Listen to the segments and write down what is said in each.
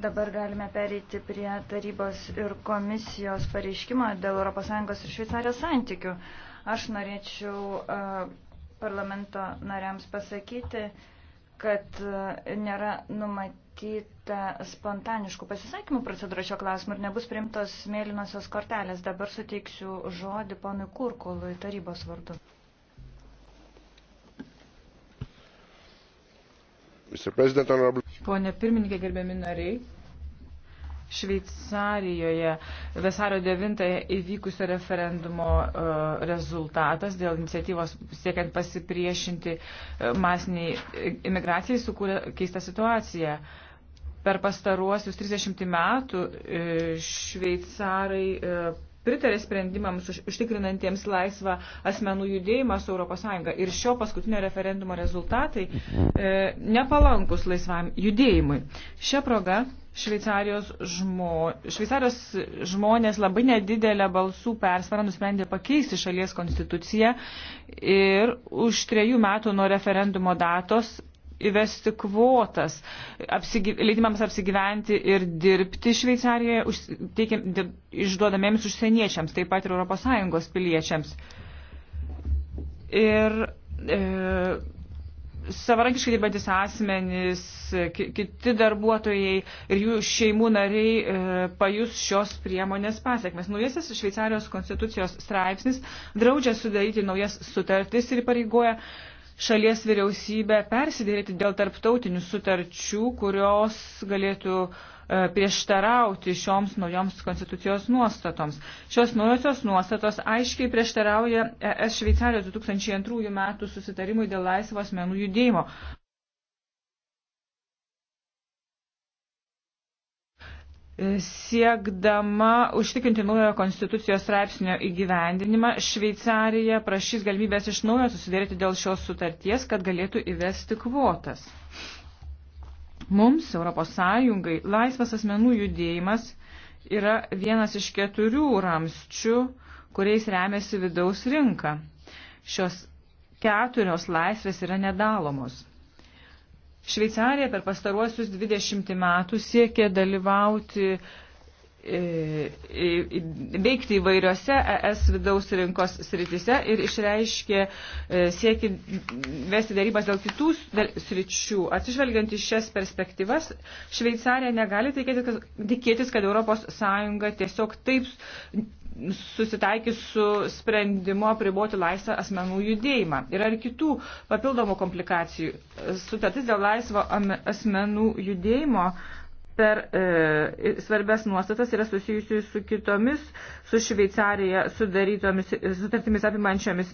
Dabar galime pereiti prie tarybos ir komisijos pareiškimo dėl ES ir Šveicarijos santykių. Aš norėčiau parlamento nariams pasakyti, kad nėra numatyta spontaniškų pasisakymų procedūra šio klausimu ir nebus primtos mėlynosios kortelės. Dabar suteiksiu žodį ponui Kurkului tarybos vardu. Pone pirmininkė, gerbiami nariai. Šveicarijoje vasario 9-ąją įvykusio referendumo e, rezultatas dėl iniciatyvos siekiant pasipriešinti e, masiniai imigracijai sukūrė keistą situaciją. Per pastaruosius 30 metų e, šveicarai pritarė sprendimams užtikrinantiems laisvą asmenų judėjimą su ES. Ir šio paskutinio referendumo rezultatai e, nepalankus laisvam judėjimui. Šią progą Šveicarijos, žmo, Šveicarijos žmonės labai nedidelę balsų persvarą nusprendė pakeisti šalies konstituciją ir už trejų metų nuo referendumo datos įvesti kvotas apsigi, leidimams apsigyventi ir dirbti Šveicarijoje už, teikiam, dė, išduodamiems užsieniečiams, taip pat ir ES piliečiams. Ir e, savarankiškai dirbantis asmenys, kiti darbuotojai ir jų šeimų nariai e, pajus šios priemonės pasiekmes. Naujasis Šveicarijos konstitucijos straipsnis draudžia sudaryti naujas sutartis ir pareigoja šalies vyriausybę persidėrėti dėl tarptautinių sutarčių, kurios galėtų e, prieštarauti šioms naujoms konstitucijos nuostatoms. Šios naujosios nuostatos aiškiai prieštarauja ES Šveicarijos 2002 metų susitarimui dėl laisvos menų judėjimo, Siekdama užtikrinti naujojo konstitucijos straipsnio įgyvendinimą, Šveicarija prašys galimybės iš naujo susidėrėti dėl šios sutarties, kad galėtų įvesti kvotas. Mums, Europos Sąjungai, laisvas asmenų judėjimas yra vienas iš keturių ramščių, kuriais remiasi vidaus rinka. Šios keturios laisvės yra nedalomos. Šveicarija per pastaruosius 20 metų siekė dalyvauti e, e, veikti įvairiose ES vidaus rinkos sritise ir išreiškė e, sieki vesti darybas dėl kitų sričių. Atsižvelgiant į šias perspektyvas, Šveicarija negali tikėtis, kad ES tiesiog taip susitaikys su sprendimu apriboti laisvą asmenų judėjimą. Yra ir kitų papildomų komplikacijų. Sutartis dėl laisvo asmenų judėjimo uh, per e, svarbes nuostatas yra susijusi su kitomis, su Šveicarija sudarytomis e, sutartimis apimančiomis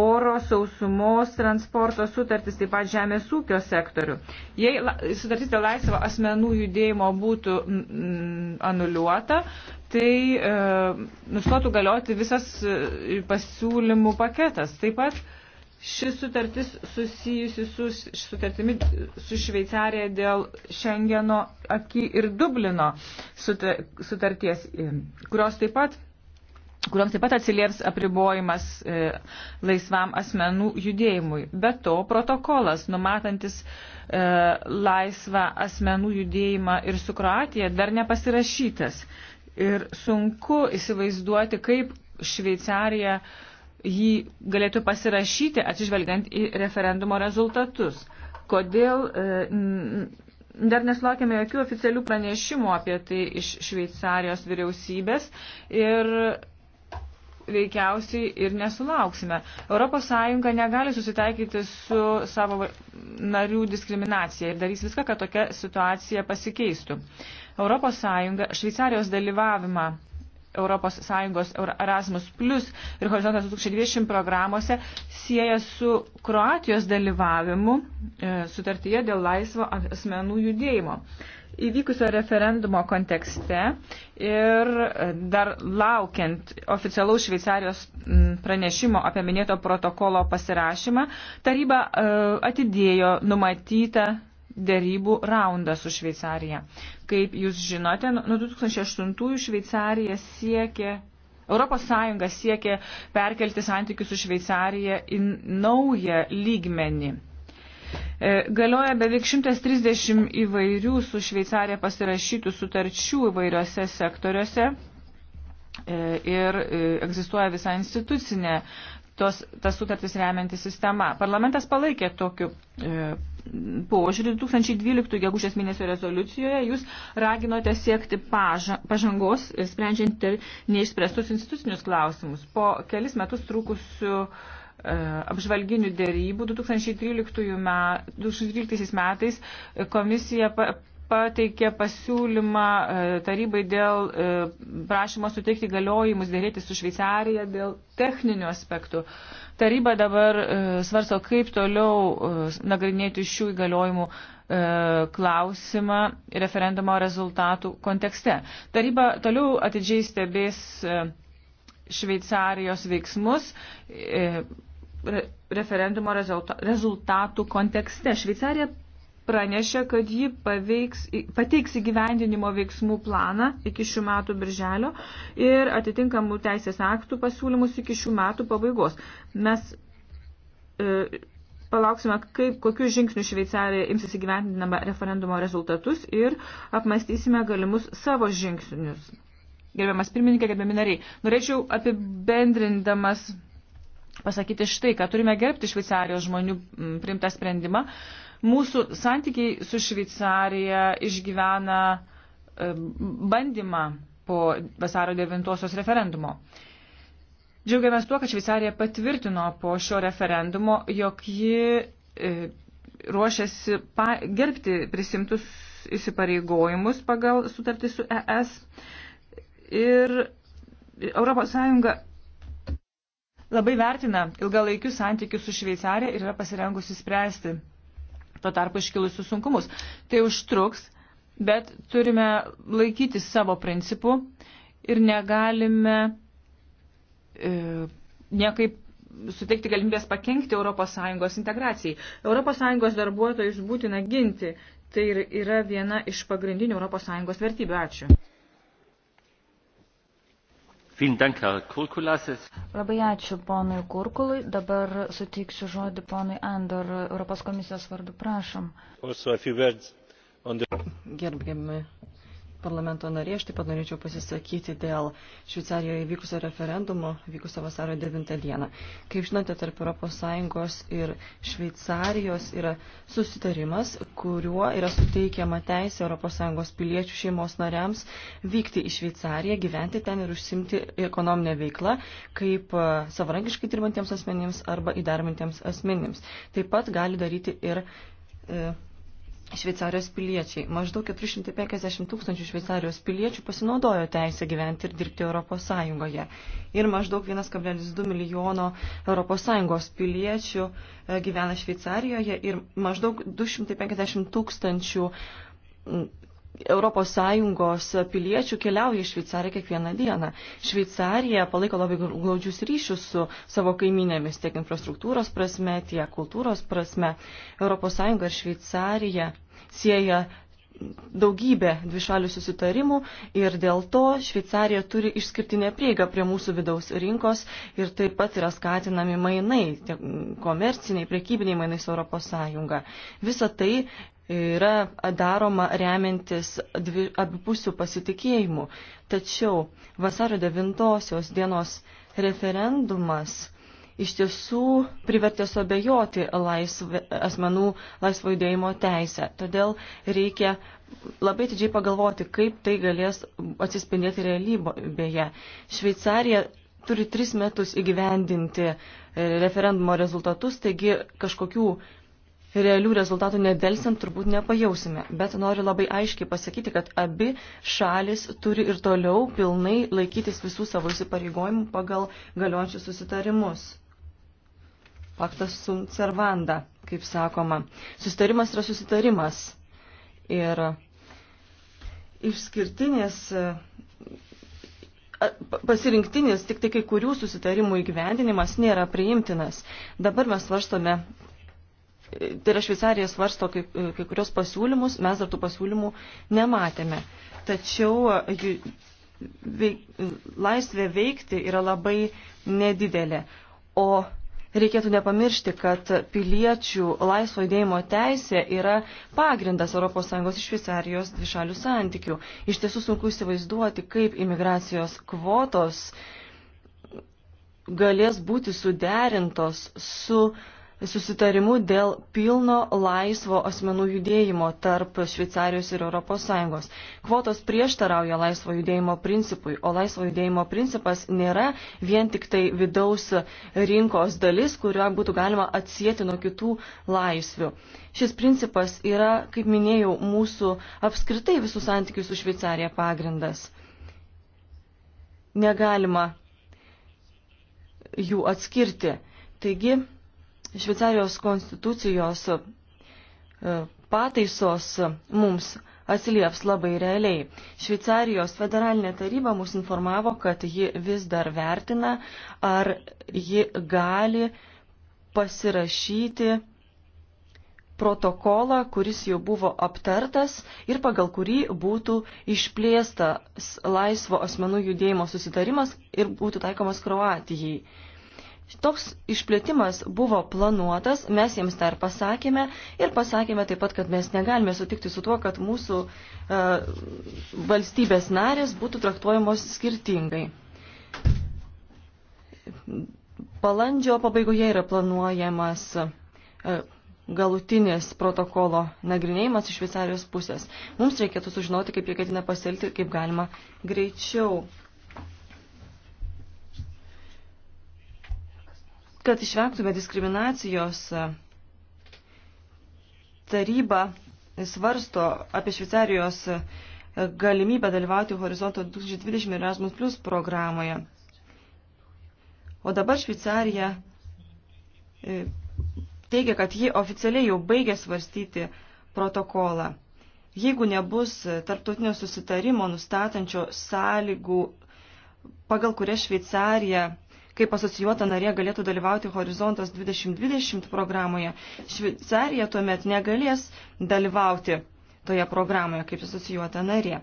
oro, sausumos, transporto sutartis, taip pat žemės ūkio sektorių. Jei sutartis dėl laisvo asmenų judėjimo būtų mm, anuliuota, tai e, nustotų galioti visas e, pasiūlymų paketas. Taip pat Šis sutartis susijusi su sutartimi su Šveicarija dėl Šengeno aki ir Dublino sutarties, e, kurios taip pat kuriuoms taip pat atsilieps apribojimas e, laisvam asmenų judėjimui. Be to, protokolas numatantis e, laisvą asmenų judėjimą ir su Kroatija dar nepasirašytas. Ir sunku įsivaizduoti, kaip Šveicarija e, jį galėtų pasirašyti atsižvelgiant į referendumo rezultatus. Kodėl e, dar neslaukėme jokių oficialių pranešimų apie tai iš Šveicarijos vyriausybės ir veikiausiai ir nesulauksime. ES negali susitaikyti su savo narių diskriminacija ir darys viską, kad tokia situacija pasikeistų. ES Šveicarijos dalyvavimą ES Erasmus Plus ir Horizontas 2020 programuose sieja su Kroatijos dalyvavimu e, sutartyje dėl laisvo asmenų judėjimo. Įvykusio referendumo kontekste ir e, dar laukiant oficialaus Šveicarijos pranešimo apie minėto protokolo pasirašymą, taryba e, atidėjo numatytą dėrybų raundą su Šveicarija. Kaip jūs žinote, nu, nuo 2008 Šveicarija siekė, Europos Sąjunga siekė perkelti santykius su Šveicarija į naują lygmenį. E, galioja beveik 130 įvairių su Šveicarija pasirašytų sutarčių įvairiose sektoriuose e, ir e, egzistuoja visa institucinė tos, tas sutartis remianti sistema. Parlamentas palaikė tokiu e, požiūrį 2012 gegužės mėnesio rezoliucijoje. Jūs raginote siekti paža, pažangos, sprendžiant ir neišspręstus institucinius klausimus. Po kelis metus trūkusių e, apžvalginių dėrybų 2013, me, 2013 metais komisija pa, pateikė pasiūlymą e, tarybai dėl e, prašymo suteikti galiojimus dėrėti su Šveicarija dėl techninių aspektų. Taryba dabar e, svarsto, kaip toliau nagrinėti šių įgaliojimų klausimą referendumo rezultatų kontekste. Taryba toliau atidžiai stebės Šveicarijos veiksmus referendumo rezultatų kontekste. Šveicarija pranešė, kad ji paveiks, pateiks įgyvendinimo veiksmų planą iki šių metų birželio ir atitinkamų teisės aktų pasiūlymus iki šių metų pabaigos. Mes e, palauksime, kaip, kokius žingsnius Šveicarija imsis įgyvendinama referendumo rezultatus ir apmastysime galimus savo žingsnius. Gerbiamas pirmininkė, gerbiami nariai, norėčiau apibendrindamas pasakyti štai, kad turime gerbti Šveicarijos žmonių primtą sprendimą Mūsų santykiai su Šveicarija išgyvena e, bandymą po vasaro 9 referendumo. Džiaugiamės tuo, kad Šveicarija patvirtino po šio referendumo, jog ji e, ruošiasi gerbti prisimtus įsipareigojimus pagal sutartį su ES. Ir ES labai vertina ilgalaikius santykius su Šveicarija ir yra pasirengusi spręsti tuo tarpu iškilusius sunkumus. Tai užtruks, bet turime laikyti savo principų ir negalime e, niekaip suteikti galimybės pakengti ES integracijai. ES darbuotojus būtina ginti. Tai yra viena iš pagrindinių ES vertybių. Ačiū. Labai ačiū ponui Kurkului. Dabar suteiksiu žodį ponui Andor Europos komisijos vardu. Prašom. Gerbiami parlamento narė, aš taip pat norėčiau pasisakyti dėl Šveicarijoje vykusio referendumo, vykusio vasario 9 dieną. Kaip žinote, tarp ES ir Šveicarijos yra susitarimas, kuriuo yra suteikiama teisė ES piliečių šeimos nariams vykti į Šveicariją, gyventi ten ir užsimti ekonominę veiklą, kaip e, savarankiškai dirbantiems asmenims arba įdarbintiems asmenims. Taip pat gali daryti ir e, Šveicarijos piliečiai. Maždaug 450 tūkstančių Šveicarijos piliečių pasinaudojo teisę gyventi ir dirbti Europos Sąjungoje. Ir maždaug 1,2 milijono Europos Sąjungos piliečių e, gyvena Šveicarijoje ir maždaug 250 tūkstančių ES piliečių keliauja į Šveicariją kiekvieną dieną. Šveicarija palaiko labai glaudžius ryšius su savo kaiminėmis tiek infrastruktūros prasme, tiek kultūros prasme. ES ir Šveicarija sieja daugybė dvišalių susitarimų ir dėl to Šveicarija turi išskirtinę prieigą prie mūsų vidaus rinkos ir taip pat yra skatinami mainai, komerciniai, prekybiniai mainai su ES. Visa tai yra daroma remiantis dvi, abipusių pasitikėjimų. Tačiau vasario 9 dienos referendumas iš tiesų privertė suabejoti laisvė, asmenų laisvo judėjimo teisę. Todėl reikia labai didžiai pagalvoti, kaip tai galės atsispindėti realybėje. Šveicarija turi tris metus įgyvendinti referendumo rezultatus, taigi kažkokių realių rezultatų nedelsiant turbūt nepajausime, bet noriu labai aiškiai pasakyti, kad abi šalis turi ir toliau pilnai laikytis visų savo įsipareigojimų pagal galiojančius susitarimus. Paktas sunt servanda, kaip sakoma. Susitarimas yra susitarimas. Ir išskirtinės pasirinktinis tik tai kai kurių susitarimų įgyvendinimas nėra priimtinas. Dabar mes svarstome Tai yra Šveicarija svarsto kai, kai kurios pasiūlymus, mes dar tų pasiūlymų nematėme. Tačiau veik, laisvė veikti yra labai nedidelė. O reikėtų nepamiršti, kad piliečių laisvo judėjimo teisė yra pagrindas ES ir Šveicarijos dvišalių santykių. Iš tiesų sunku įsivaizduoti, kaip imigracijos kvotos galės būti suderintos su uh, susitarimu dėl pilno laisvo asmenų judėjimo tarp Šveicarijos ir ES. Kvotos prieštarauja laisvo judėjimo principui, o laisvo judėjimo principas nėra vien tik tai vidaus rinkos dalis, kurio būtų galima atsijėti nuo kitų laisvių. Šis principas yra, kaip minėjau, mūsų apskritai visų santykių su Šveicarija pagrindas. Negalima jų atskirti. Taigi, Šveicarijos konstitucijos e, pataisos mums atsilieps labai realiai. Šveicarijos federalinė taryba mus informavo, kad ji vis dar vertina, ar ji gali pasirašyti protokolą, kuris jau buvo aptartas ir pagal kurį būtų išplėstas laisvo asmenų judėjimo susitarimas ir būtų taikomas Kroatijai. Toks išplėtimas buvo planuotas, mes jiems tą ir pasakėme ir pasakėme taip pat, kad mes negalime sutikti su tuo, kad mūsų e, valstybės narės būtų traktuojamos skirtingai. Balandžio pabaigoje yra planuojamas e, galutinis protokolo nagrinėjimas iš Šveicarijos pusės. Mums reikėtų sužinoti, kaip jie ketina pasielgti, kaip galima greičiau. Kad išvengtume diskriminacijos, e, taryba svarsto apie Šveicarijos e, galimybę dalyvauti Horizonto 2020 Erasmus Plus programoje. O dabar Šveicarija e, teigia, kad ji oficialiai jau baigė svarstyti protokolą. Jeigu nebus tarptautinio susitarimo nustatančio sąlygų, pagal kurias Šveicarija kaip asocijuota narė galėtų dalyvauti Horizontas 2020 programoje, Šveicarija tuomet negalės dalyvauti toje programoje kaip asocijuota narė.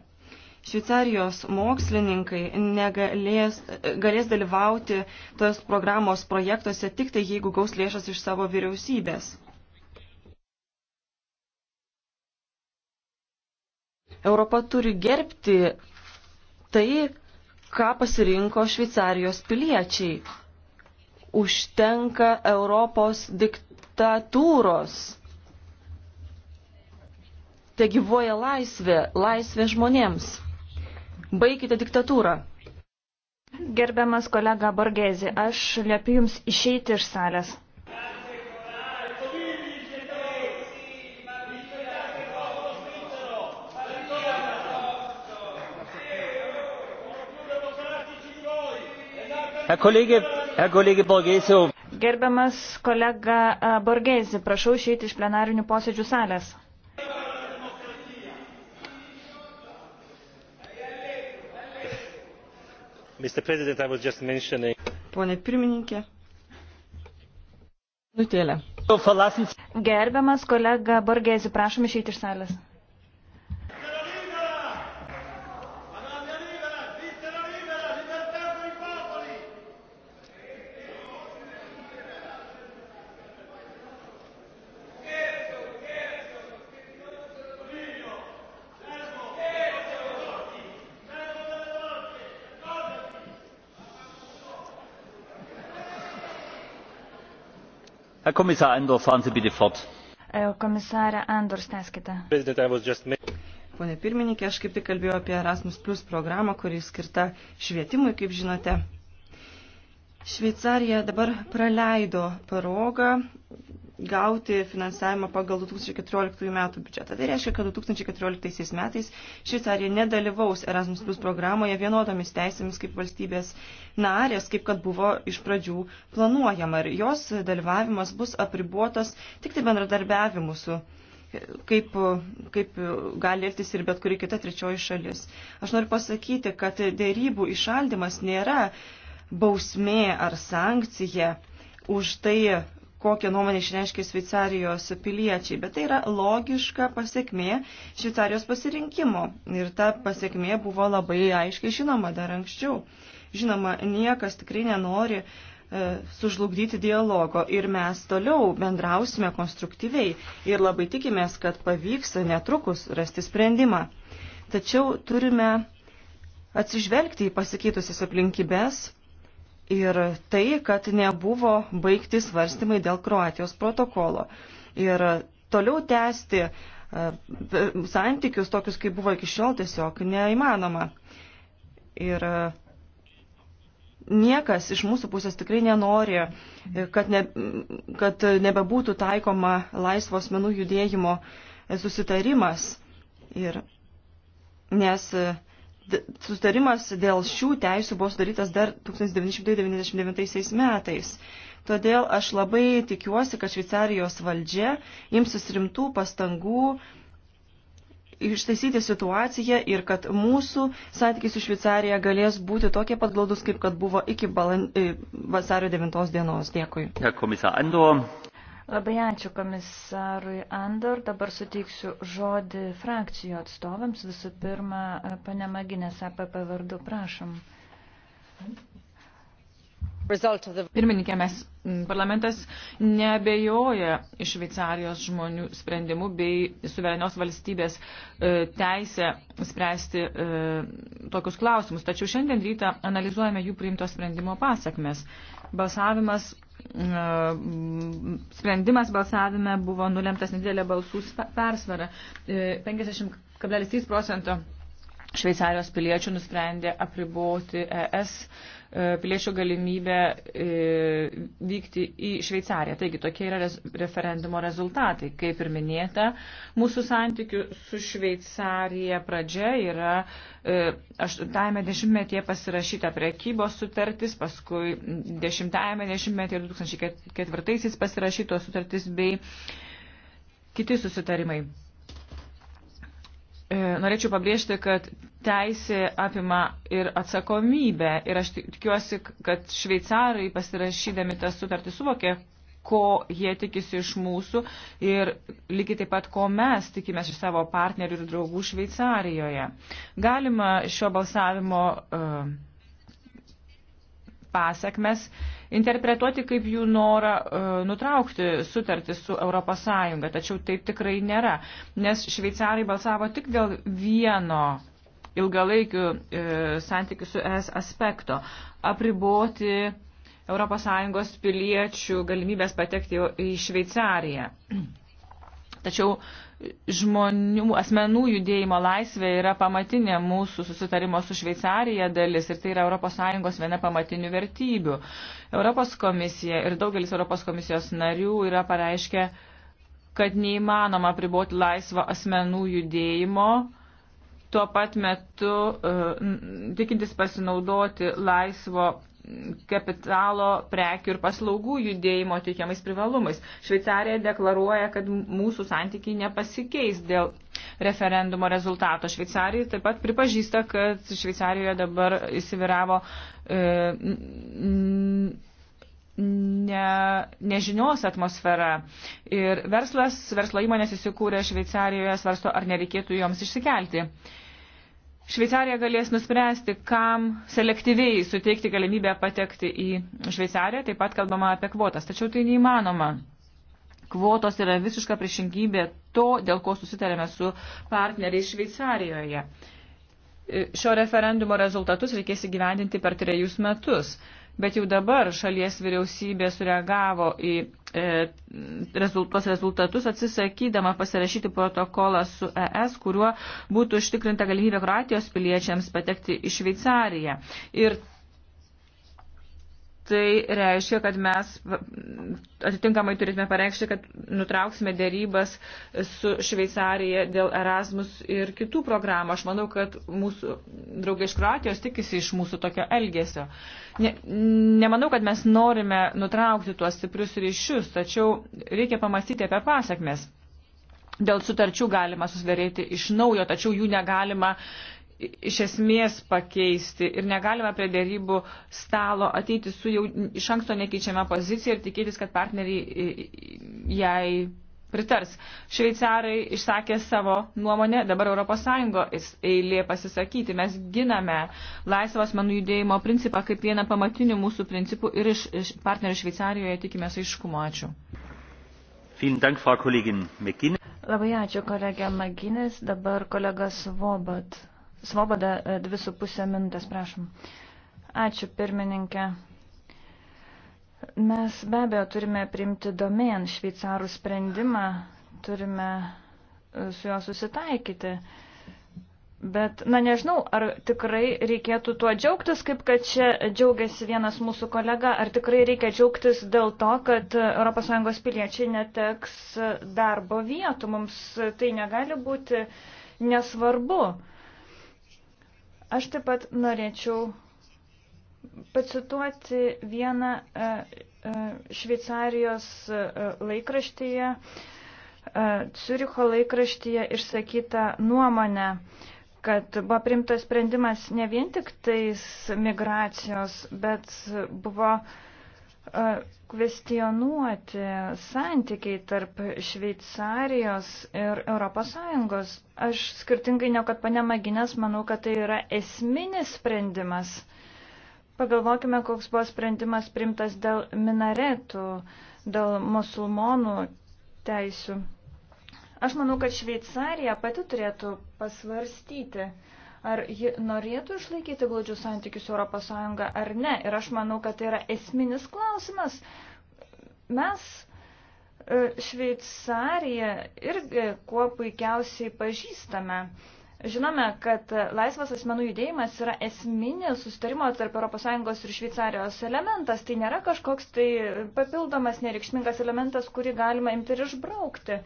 Šveicarijos mokslininkai negalės, galės dalyvauti tos programos projektuose tik tai, jeigu gaus lėšas iš savo vyriausybės. Europa turi gerbti tai, ką pasirinko Šveicarijos piliečiai. Užtenka Europos diktatūros. Te gyvoja laisvė, laisvė žmonėms. Baikite diktatūrą. Gerbiamas kolega Borgezi, aš liepiu Jums išeiti iš salės. Gerbiamas kolega e, Borgesi, prašau išeiti iš plenarinių posėdžių salės. Pone pirmininkė, nutėlė. Gerbiamas kolega Borgesi, prašom išeiti iš salės. herr kommissar andor fahren sie bitte fort. E, komisare andor tęskite. pone pirmininke aš kaip tik kalbėjau apie erasmus programą kuri skirta švietimui kaip žinote. šveicarija dabar praleido progą gauti finansavimą pagal 2014 metų biudžetą. Tai reiškia, kad 2014 metais Šveicarija nedalyvaus Erasmus Plus programoje vienodomis teisėmis kaip valstybės narės, kaip kad buvo iš pradžių planuojama. Ir jos dalyvavimas bus apribuotas tik tai bendradarbiavimu su kaip, kaip gali elgtis ir bet kuri kita trečioji šalis. Aš noriu pasakyti, kad dėrybų išaldimas nėra bausmė ar sankcija už tai, kokią nuomonę išreiškia Šveicarijos piliečiai, bet tai yra logiška pasiekmė Šveicarijos pasirinkimo ir ta pasiekmė buvo labai aiškiai žinoma dar anksčiau. Žinoma, niekas tikrai nenori e, sužlugdyti dialogo ir mes toliau bendrausime konstruktyviai ir labai tikimės, kad pavyks netrukus rasti sprendimą. Tačiau turime atsižvelgti į pasikeitusias aplinkybės ir tai, kad nebuvo baigti svarstymai dėl Kroatijos protokolo. Ir toliau tęsti e, santykius tokius, kaip buvo iki šiol, tiesiog neįmanoma. Ir e, niekas iš mūsų pusės tikrai nenori, e, kad, ne, kad nebebūtų taikoma laisvo asmenų judėjimo susitarimas. Ir, nes sustarimas dėl šių teisų buvo sudarytas dar 1999 metais. Todėl aš labai tikiuosi, kad Šveicarijos valdžia imsis rimtų pastangų ištaisyti situaciją ir kad mūsų santykiai su Šveicarija galės būti tokie pat glaudus, kaip kad buvo iki balan... E, vasario 9 dienos. Dėkui. Ja, Labai ačiū komisarui Andor. Dabar suteiksiu žodį frakcijų atstovams. Visų pirma, pane Maginės APP vardu, prašom. Pirmininkė, mes parlamentas nebejoja Šveicarijos žmonių sprendimų bei suverenios valstybės e, teisę spręsti e, tokius klausimus. Tačiau šiandien rytą analizuojame jų priimto sprendimo pasakmes. Balsavimas, sprendimas balsavime buvo nulemtas nedėlė balsų persvara. 50,3 e, procento Šveicarijos piliečių nusprendė apriboti ES E, piliečių galimybę e, vykti į Šveicariją. Taigi tokie yra referendumo rezultatai. Kaip ir minėta, mūsų santykių su Šveicarija pradžia yra 80-ame e, dešimtmetyje pasirašyta prekybos sutartis, paskui 10-ame dešimtmetyje ir 2004-aisiais pasirašytos sutartis bei kiti susitarimai. Norėčiau pabrėžti, kad teisė apima ir atsakomybę. Ir aš tikiuosi, kad šveicarai pasirašydami tą sutartį suvokė, ko jie tikisi iš mūsų ir lygiai taip pat, ko mes tikimės iš savo partnerių ir draugų Šveicarijoje. Galima šio balsavimo uh, e, pasiekmes interpretuoti kaip jų norą uh, nutraukti sutartį su ES, tačiau taip tikrai nėra, nes šveicarai balsavo tik dėl vieno ilgalaikių e, santykių su ES aspekto. Apriboti ES piliečių galimybės patekti į Šveicariją. Tačiau žmonių, asmenų judėjimo laisvė yra pamatinė mūsų susitarimo su Šveicarija dalis ir tai yra ES viena pamatinių vertybių. Europos komisija ir daugelis Europos komisijos narių yra pareiškę, kad neįmanoma priboti laisvo asmenų judėjimo tuo pat metu e, tikintis pasinaudoti laisvo kapitalo, prekių ir paslaugų judėjimo teikiamais privalumais. Šveicarija deklaruoja, kad mūsų santykiai nepasikeis dėl referendumo rezultato. Šveicarija taip pat pripažįsta, kad Šveicarijoje dabar įsiviravo e, ne, nežinios atmosfera. Ir verslas, verslo įmonės įsikūrė Šveicarijoje, svarsto, ar nereikėtų joms išsikelti. E, Šveicarija galės nuspręsti, kam selektyviai suteikti galimybę patekti į Šveicariją, taip pat kalbama apie kvotas, tačiau tai neįmanoma. Kvotos yra visiška priešingybė to, dėl ko susitarėme su partneriais Šveicarijoje. Šio referendumo rezultatus reikės įgyvendinti per trejus metus bet jau dabar šalies vyriausybė sureagavo į e, rezultos rezultatus, atsisakydama pasirašyti protokolą su ES, kuriuo būtų užtikrinta galimybė Kroatijos piliečiams patekti į Šveicariją. Ir tai reiškia, kad mes atitinkamai turėtume pareikšti, kad nutrauksime dėrybas su Šveicarija dėl Erasmus ir kitų programų. Aš manau, kad mūsų draugai iš Kroatijos tikisi iš mūsų tokio elgesio. Ne, nemanau, kad mes norime nutraukti tuos stiprius ryšius, tačiau reikia pamastyti apie pasiekmes. Dėl sutarčių galima susidaryti iš naujo, tačiau jų negalima iš esmės pakeisti ir negalime prie dėrybų stalo ateiti su jau iš anksto nekeičiama pozicija ir tikėtis, kad partneriai jai pritars. Šveicarai išsakė savo nuomonę, dabar ES eilė pasisakyti. Mes giname laisvas menų judėjimo principą kaip vieną pamatinių mūsų principų ir iš, iš partnerių Šveicarijoje tikimės aiškumo. Ačiū. Dank, Labai ačiū, kolegė Maginis. Dabar kolega Svobat. Svoboda, e, dvi su pusė minutės, prašom. Ačiū, pirmininkė. Mes be abejo turime priimti domėn šveicarų sprendimą, turime e, su juo susitaikyti. Bet, na nežinau, ar tikrai reikėtų tuo džiaugtis, kaip kad čia džiaugiasi vienas mūsų kolega, ar tikrai reikia džiaugtis dėl to, kad ES piliečiai neteks darbo vietų. Mums tai negali būti nesvarbu. Aš taip pat norėčiau pacituoti vieną e, e, Šveicarijos e, laikraštyje, Ciuricho laikraštyje išsakytą nuomonę, kad buvo primtas sprendimas ne vien tik tais migracijos, bet buvo uh, kvestionuoti santykiai tarp Šveicarijos ir ES. Aš skirtingai negu kad pane Maginės, manau, kad tai yra esminis sprendimas. Pagalvokime, koks buvo sprendimas primtas dėl minaretų, dėl musulmonų teisių. Aš manau, kad Šveicarija pati turėtų pasvarstyti, uh, ar ji norėtų išlaikyti glaudžius santykius ES ar ne. Ir aš manau, kad tai yra esminis klausimas. Mes e, Šveicariją irgi kuo puikiausiai pažįstame. Žinome, kad laisvas asmenų judėjimas yra esminis sustarimo tarp ES ir Šveicarijos elementas. Tai nėra kažkoks tai papildomas nereikšmingas elementas, kurį galima imti ir išbraukti.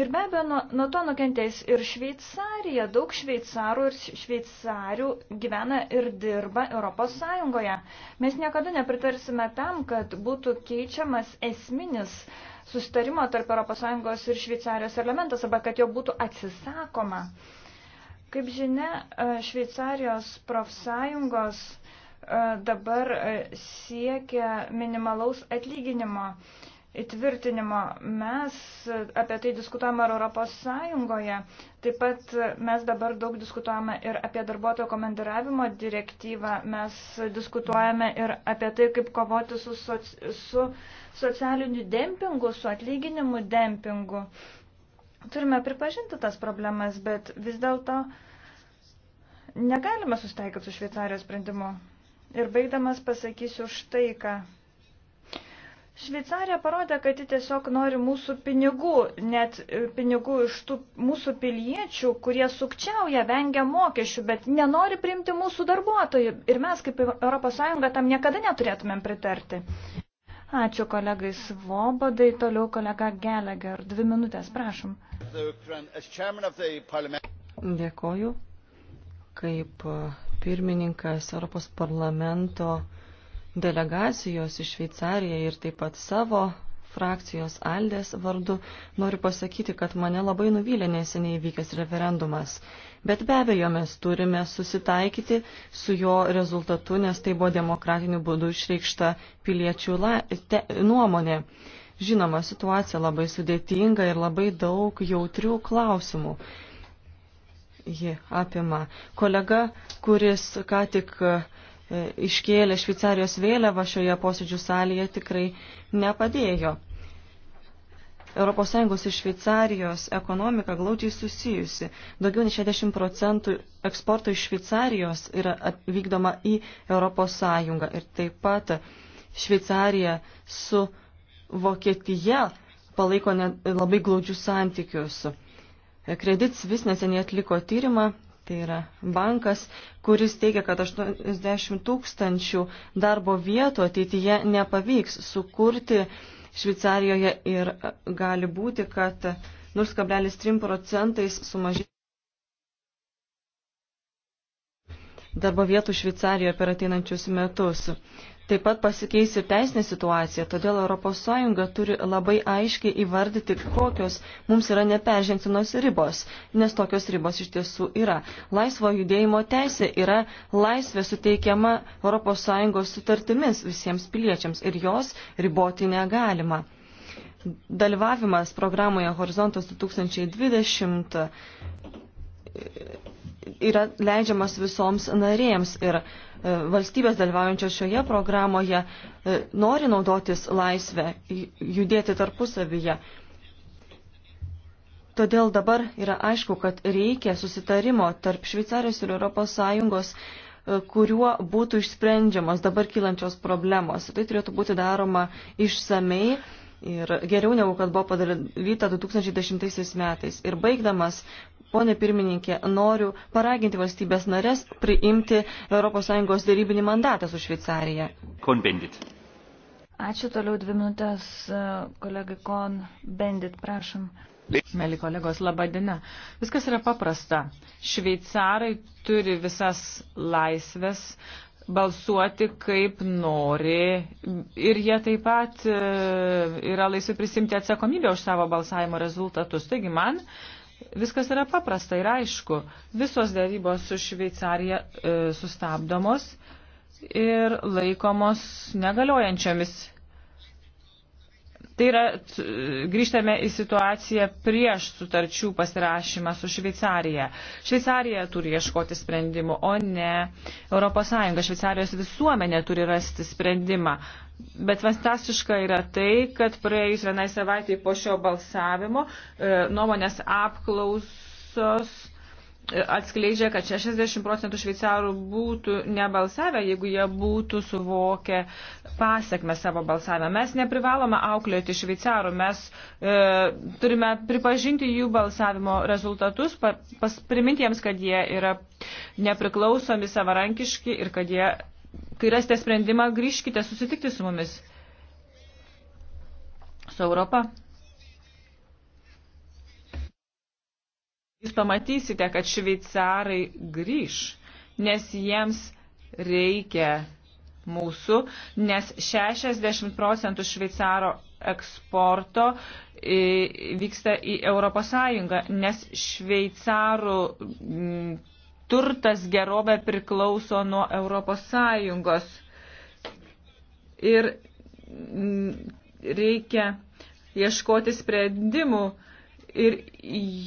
Ir be abejo, nuo, nuo to nukentės ir Šveicarija. Daug šveicarų ir šveicarių gyvena ir dirba ES. Mes niekada nepritarsime tam, kad būtų keičiamas esminis sustarimo tarp ES ir Šveicarijos elementas arba kad jo būtų atsisakoma. Uh, Kaip žinia, e, Šveicarijos profsąjungos e, dabar e, siekia minimalaus atlyginimo įtvirtinimo. Mes apie tai diskutuojame ir Europos Sąjungoje. Taip pat mes dabar daug diskutuojame ir apie darbuotojo komandiravimo direktyvą. Mes diskutuojame ir apie tai, kaip kovoti su, soci, su socialiniu dempingu, su atlyginimu dempingu. Turime pripažinti tas problemas, bet vis dėlto negalime susteikyti su Šveicarijos sprendimu. Ir baigdamas pasakysiu štai ką. Šveicarija parodė, kad ji tiesiog nori mūsų pinigų, net pinigų iš tų mūsų piliečių, kurie sukčiauja, vengia mokesčių, bet nenori priimti mūsų darbuotojų. Ir mes kaip ES tam niekada neturėtumėm pritarti. Ačiū kolegai Svobodai, toliau kolega Geleger. Dvi minutės, prašom. Dėkoju. Kaip pirmininkas Europos parlamento delegacijos į Šveicariją ir taip pat savo frakcijos Aldės vardu noriu pasakyti, kad mane labai nuvylė neseniai įvykęs referendumas. Bet be abejo mes turime susitaikyti su jo rezultatu, nes tai buvo demokratiniu būdu išreikšta piliečių la, te, nuomonė. Žinoma, situacija labai sudėtinga ir labai daug jautrių klausimų ji apima. Kolega, kuris ką tik e, iškėlė Šveicarijos vėliavą šioje posėdžių salėje, tikrai nepadėjo. ES ir Šveicarijos ekonomika glaudžiai susijusi. Daugiau nei 60 procentų eksporto iš Šveicarijos yra vykdoma į ES. Ir taip pat Šveicarija su Vokietija palaiko labai glaudžius santykius. Kredits vis neseniai atliko tyrimą, tai yra bankas, kuris teigia, kad 80 tūkstančių darbo vietų ateityje nepavyks sukurti Šveicarijoje ir gali būti, kad 0,3 procentais sumažės darbo vietų Šveicarijoje per ateinančius metus. Taip pat pasikeis ir teisinė situacija, todėl ES turi labai aiškiai įvardyti, kokios mums yra neperžengtinos ribos, nes tokios ribos iš tiesų yra. Laisvo judėjimo teisė yra laisvė suteikiama ES sutartimis visiems piliečiams ir jos riboti negalima. Dalyvavimas programoje Horizontas 2020 yra leidžiamas visoms narėms ir e, valstybės dalyvaujančios šioje programoje e, nori naudotis laisvę, judėti tarpusavyje. Todėl dabar yra aišku, kad reikia susitarimo tarp Šveicarijos ir ES, e, kuriuo būtų išsprendžiamos dabar kylančios problemos. Tai turėtų būti daroma išsamei Ir geriau negu kad buvo padaryta 2010 metais. Ir baigdamas, ponė pirmininkė, noriu paraginti valstybės narės priimti ES dėrybinį mandatą su Šveicarija. Konbendit. Ačiū toliau dvi minutės, kolegai Kon Bendit, prašom. Mėly kolegos, laba diena. Viskas yra paprasta. Šveicarai turi visas laisvės, balsuoti kaip nori ir jie taip pat e, yra laisvi prisimti atsakomybę už savo balsavimo rezultatus. Taigi man viskas yra paprasta ir aišku. Visos dėrybos su Šveicarija e, sustabdomos ir laikomos negaliojančiomis Tai yra, grįžtame į situaciją prieš sutarčių pasirašymą su Šveicarija. Šveicarija turi ieškoti sprendimų, o ne ES. Šveicarijos visuomenė turi rasti sprendimą. Bet fantastiška yra tai, kad praėjus vienai savaitėje po šio balsavimo e, nuomonės apklausos atskleidžia, kad 60 procentų šveicarų būtų nebalsavę, jeigu jie būtų suvokę pasiekmes savo balsavimą. Mes neprivalome auklėti šveicarų, mes e, turime pripažinti jų balsavimo rezultatus, pa, pas, priminti jiems, kad jie yra nepriklausomi, savarankiški ir kad jie, kai rasite sprendimą, grįžkite susitikti su mumis. Su Europa. Jūs pamatysite, kad šveicarai grįž, nes jiems reikia mūsų, nes 60 procentų šveicaro eksporto vyksta į Europos Sąjungą, nes šveicarų turtas gerobė priklauso nuo Europos Sąjungos. Ir reikia ieškoti sprendimų, ir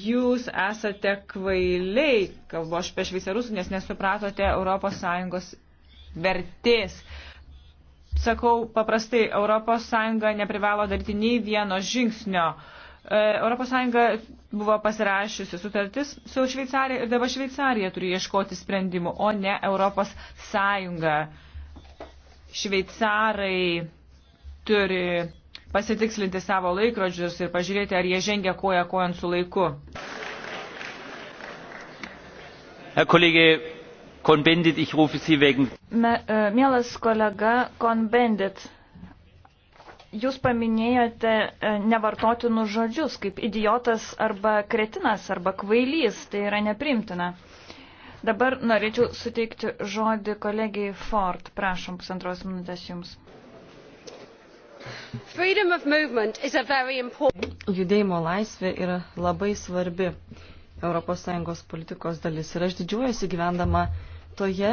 jūs esate kvailiai, kalbu aš apie šveicarus, nes nesupratote ES vertės. Sakau, paprastai ES neprivalo daryti nei vieno žingsnio. ES buvo pasirašiusi sutartis su Šveicarija ir dabar Šveicarija turi ieškoti sprendimų, o ne ES. Šveicarai turi pasitikslinti savo laikrodžius ir pažiūrėti, ar jie žengia koja kojant su laiku. Herr Kollege Konbendit, ich rufe Sie wegen. Me, uh, mielas kolega Konbendit, jūs paminėjote e, nevartotinus žodžius, kaip idiotas arba kretinas arba kvailys, tai yra neprimtina. Dabar norėčiau suteikti žodį kolegijai Ford. Prašom, pusantros minutės jums. Judėjimo laisvė yra labai svarbi ES politikos dalis ir aš didžiuojasi gyvendama toje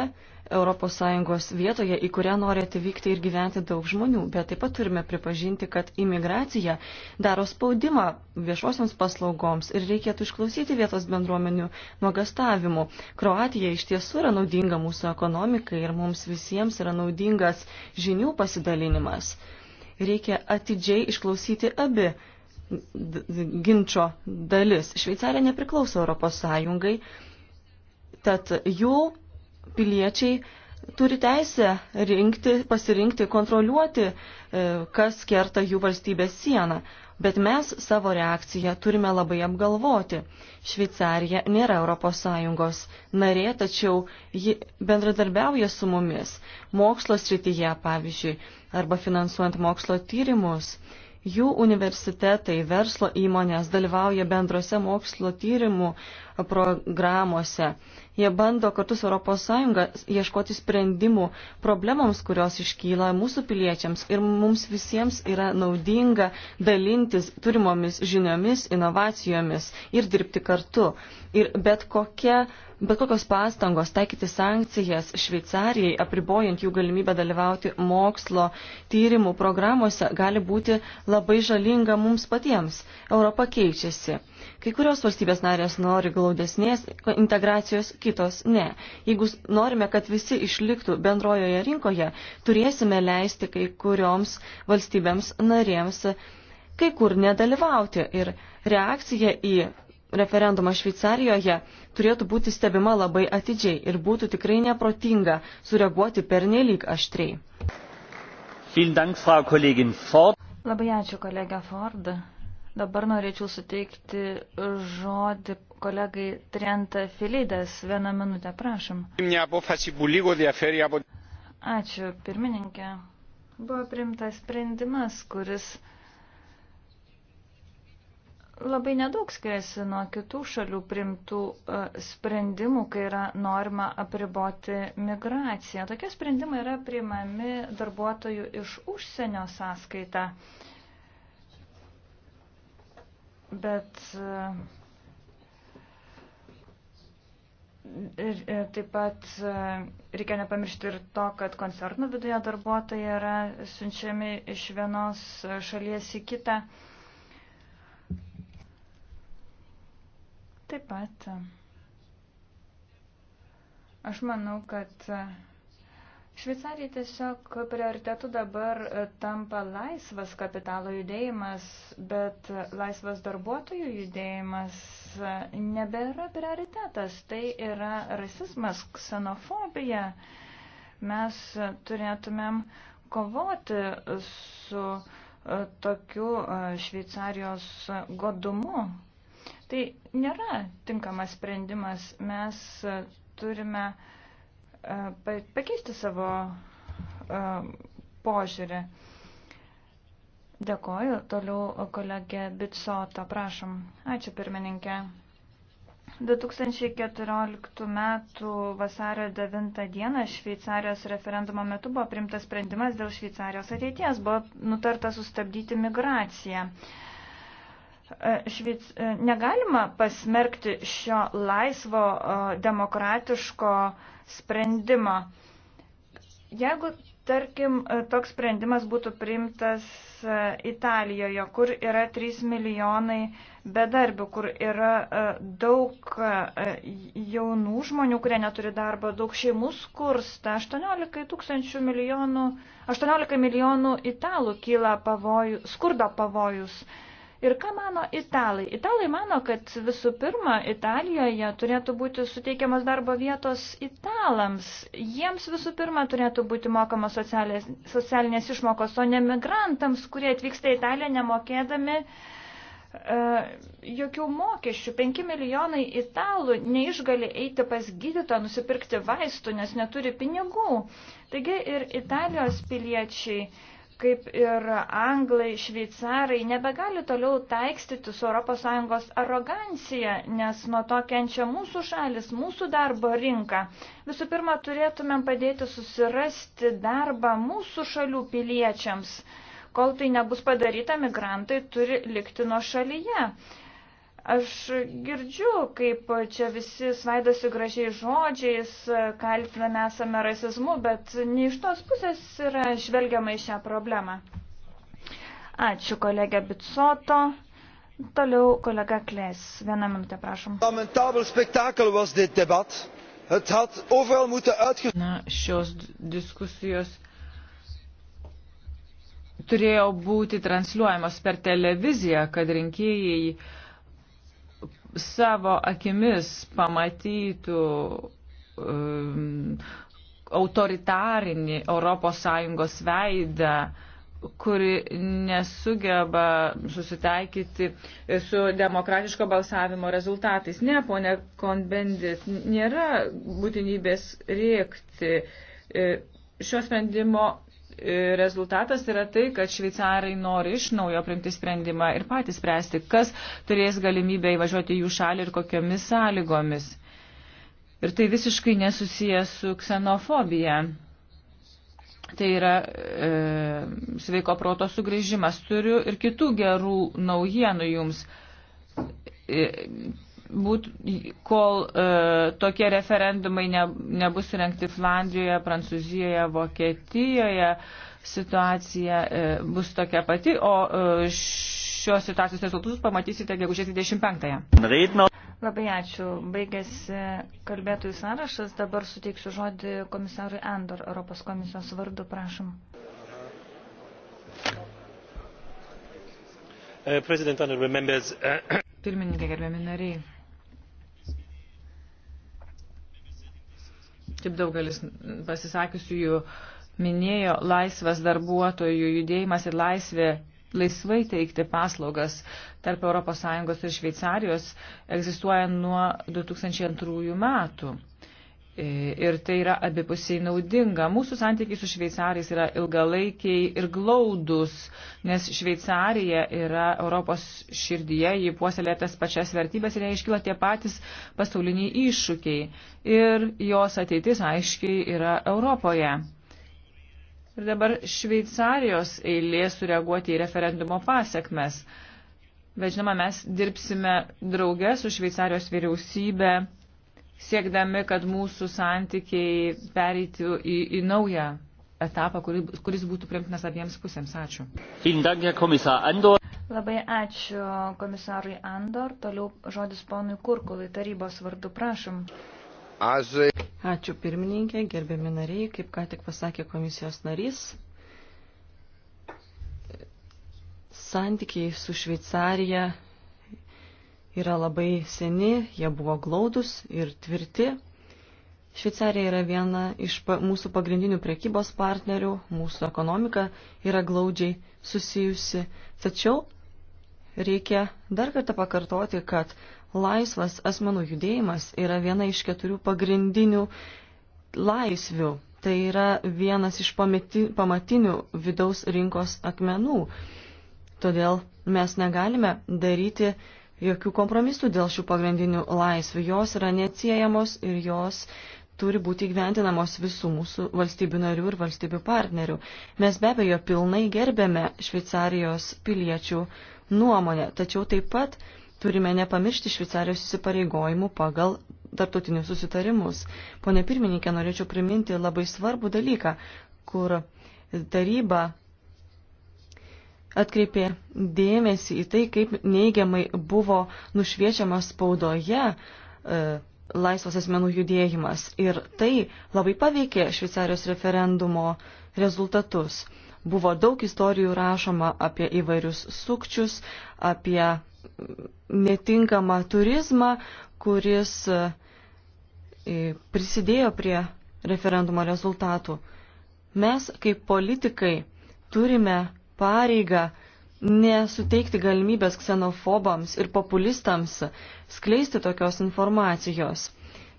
ES vietoje, į kurią nori atvykti ir gyventi daug žmonių. Bet taip pat turime pripažinti, kad imigracija daro spaudimą viešosioms paslaugoms ir reikėtų išklausyti vietos bendruomenių nuogastavimų. Kroatija iš tiesų yra naudinga mūsų ekonomikai ir mums visiems yra naudingas žinių pasidalinimas reikia atidžiai išklausyti abi ginčio dalis. Šveicarija nepriklauso Europos Sąjungai, tad jų piliečiai turi teisę rinkti, pasirinkti, kontroliuoti, e, kas kerta jų valstybės sieną. Bet mes savo reakciją turime labai apgalvoti. Šveicarija nėra ES narė, tačiau ji bendradarbiauja su mumis mokslo srityje, pavyzdžiui, arba finansuojant mokslo tyrimus. Jų universitetai, verslo įmonės dalyvauja bendrose mokslo tyrimų programuose Jie bando kartu su ES ieškoti sprendimų problemoms, kurios iškyla mūsų piliečiams ir mums visiems yra naudinga dalintis turimomis žiniomis, inovacijomis ir dirbti kartu. Ir bet kokia Bet kokios pastangos taikyti sankcijas Šveicarijai, apribojant jų galimybę dalyvauti mokslo tyrimų programuose, gali būti labai žalinga mums patiems. Europa keičiasi. Kai kurios valstybės narės nori glaudesnės integracijos, kitos ne. Jeigu norime, kad visi išliktų bendrojoje rinkoje, turėsime leisti kai kurioms valstybėms narėms kai kur nedalyvauti. Ir reakcija į referendumą Šveicarijoje turėtų būti stebima labai atidžiai ir būtų tikrai neprotinga sureaguoti pernelyg aštriai. Labai ačiū, kolega Ford. Dabar norėčiau suteikti žodį kolegai Trenta Filidas. Vieną minutę, prašom. Ačiū, pirmininkė. Buvo primtas sprendimas, kuris labai nedaug skiriasi nuo kitų šalių primtų e, sprendimų, kai yra norma apriboti migraciją. Tokie sprendimai yra priimami darbuotojų iš užsienio sąskaita. Bet e, ir, e, taip pat reikia nepamiršti ir to, kad koncerno viduje darbuotojai yra siunčiami iš vienos šalies į kitą. Taip pat aš manau, kad Šveicarija tiesiog prioritetu dabar tampa laisvas kapitalo judėjimas, bet laisvas darbuotojų judėjimas nebėra prioritetas. Tai yra rasizmas, ksenofobija. Mes turėtumėm kovoti su tokiu Šveicarijos godumu, Tai nėra tinkamas sprendimas. Mes e, turime e, pakeisti savo e, požiūrį. Dėkoju. Toliau kolegė Bitsota, prašom. Ačiū pirmininkė. 2014 m. vasario 9 d. Šveicarijos referendumo metu buvo primtas sprendimas dėl Šveicarijos ateities. Buvo nutarta sustabdyti migraciją. Uh, E, Šveic... E, negalima pasmerkti šio laisvo e, demokratiško sprendimo. Jeigu, tarkim, toks sprendimas būtų priimtas Italijoje, kur yra 3 milijonai bedarbių, kur yra daug jaunų žmonių, kurie neturi darbo, daug šeimų skursta, 18 tūkstančių milijonų, 18 milijonų italų kyla pavojų, skurdo pavojus. Ir ką mano italai? Italai mano, kad visų pirma, Italijoje turėtų būti suteikiamas darbo vietos italams. Jiems visų pirma turėtų būti mokamos socialinės, socialinės išmokos, o ne migrantams, kurie atvyksta į Italiją nemokėdami e, jokių mokesčių. 5 milijonai italų neišgali eiti pas gydytą, nusipirkti vaistų, nes neturi pinigų. Taigi ir Italijos piliečiai kaip ir anglai, šveicarai, nebegali toliau taikstyti su ES arogancija, nes nuo to kenčia mūsų šalis, mūsų darbo rinka. Visų pirma, turėtumėm padėti susirasti darbą mūsų šalių piliečiams. Kol tai nebus padaryta, migrantai turi likti nuo šalyje. Aš girdžiu, kaip čia visi svaidosi gražiai žodžiais, kaltiname esame rasizmu, bet ne iš tos pusės yra žvelgiama į šią problemą. Ačiū kolegė Bitsoto. Toliau kolega Klės. Vieną minutę, prašom. Na, šios diskusijos turėjo būti transliuojamos per televiziją, kad rinkėjai savo akimis pamatytų um, autoritarinį ES veidą, kuri nesugeba susitaikyti su demokratiško balsavimo rezultatais. Ne, ponė Konbendit, nėra būtinybės rėkti. E, šio sprendimo rezultatas yra tai, kad šveicarai nori iš naujo primti sprendimą ir patys spręsti, kas turės galimybę įvažiuoti jų šalį ir kokiomis sąlygomis. Ir tai visiškai nesusiję su ksenofobija. Tai yra e, sveiko proto sugrįžimas. Turiu ir kitų gerų naujienų jums. E, būt, kol e, tokie referendumai ne, nebus rengti Flandrijoje, Prancūzijoje, Vokietijoje, situacija e, bus tokia pati, o e, šios situacijos rezultatus pamatysite gegužės 25-ąją. Labai ačiū. Baigėsi kalbėtojų sąrašas. Dabar suteiksiu žodį komisarui Andor, Europos komisijos vardu, prašom. Uh, uh, Pirmininkė, gerbiami nariai. kaip daugelis pasisakiusiųjų minėjo, laisvas darbuotojų judėjimas ir laisvė laisvai teikti paslaugas tarp ES ir Šveicarijos egzistuoja nuo 2002 metų. Ir tai yra abipusiai naudinga. Mūsų santykiai su šveicarais yra ilgalaikiai ir glaudus, nes Šveicarija yra Europos širdyje, jį puoselė tas pačias vertybės ir jai iškyla tie patys pasauliniai iššūkiai. Ir jos ateitis aiškiai yra Europoje. Ir dabar Šveicarijos eilė sureaguoti į referendumo pasiekmes. Bet žinoma, mes dirbsime drauge su Šveicarijos vyriausybė siekdami, kad mūsų santykiai pereitų į, į naują etapą, kuris būtų primtinas abiems pusėms. Ačiū. Labai ačiū komisarui Andor. Toliau žodis ponui Kurkulai tarybos vardu, prašom. Ačiū pirmininkė, gerbiami nariai, kaip ką tik pasakė komisijos narys. Santykiai su Šveicarija yra labai seni, jie buvo glaudus ir tvirti. Šveicarija yra viena iš pa, mūsų pagrindinių prekybos partnerių, mūsų ekonomika yra glaudžiai susijusi. Tačiau reikia dar kartą pakartoti, kad laisvas asmenų judėjimas yra viena iš keturių pagrindinių laisvių. Tai yra vienas iš pamatinių vidaus rinkos akmenų. Todėl mes negalime daryti jokių kompromisų dėl šių pagrindinių laisvių. Jos yra neatsiejamos ir jos turi būti gyventinamos visų mūsų valstybių narių ir valstybių partnerių. Mes be abejo pilnai gerbėme Šveicarijos piliečių nuomonę, tačiau taip pat turime nepamiršti Šveicarijos įsipareigojimų pagal tarptautinius susitarimus. Pone pirmininkė, norėčiau priminti labai svarbų dalyką, kur taryba atkreipė dėmesį į tai, kaip neigiamai buvo nušviečiamas spaudoje e, laisvas asmenų judėjimas. Ir tai labai paveikė Šveicarijos referendumo rezultatus. Buvo daug istorijų rašoma apie įvairius sukčius, apie netinkamą turizmą, kuris e, e, prisidėjo prie referendumo rezultatų. Mes, kaip politikai, turime pareigą nesuteikti galimybės ksenofobams ir populistams skleisti tokios informacijos.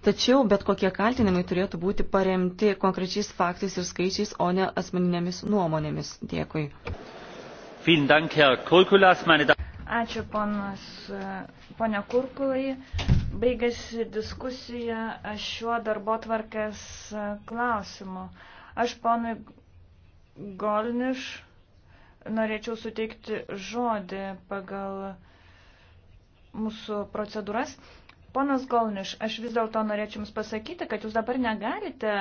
Tačiau bet kokie kaltinimai turėtų būti paremti konkrečiais faktais ir skaičiais, o ne asmeninėmis nuomonėmis. Dėkui. Ačiū ponas, ponia Kurkulai. Baigėsi diskusija šiuo darbo tvarkės e, klausimu. Aš ponui Golniš norėčiau suteikti žodį pagal mūsų procedūras. Ponas Golniš, aš vis dėlto norėčiau Jums pasakyti, kad Jūs dabar negalite